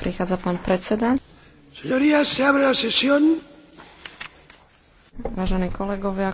Prichádza pán predseda. Vážení kolegovia,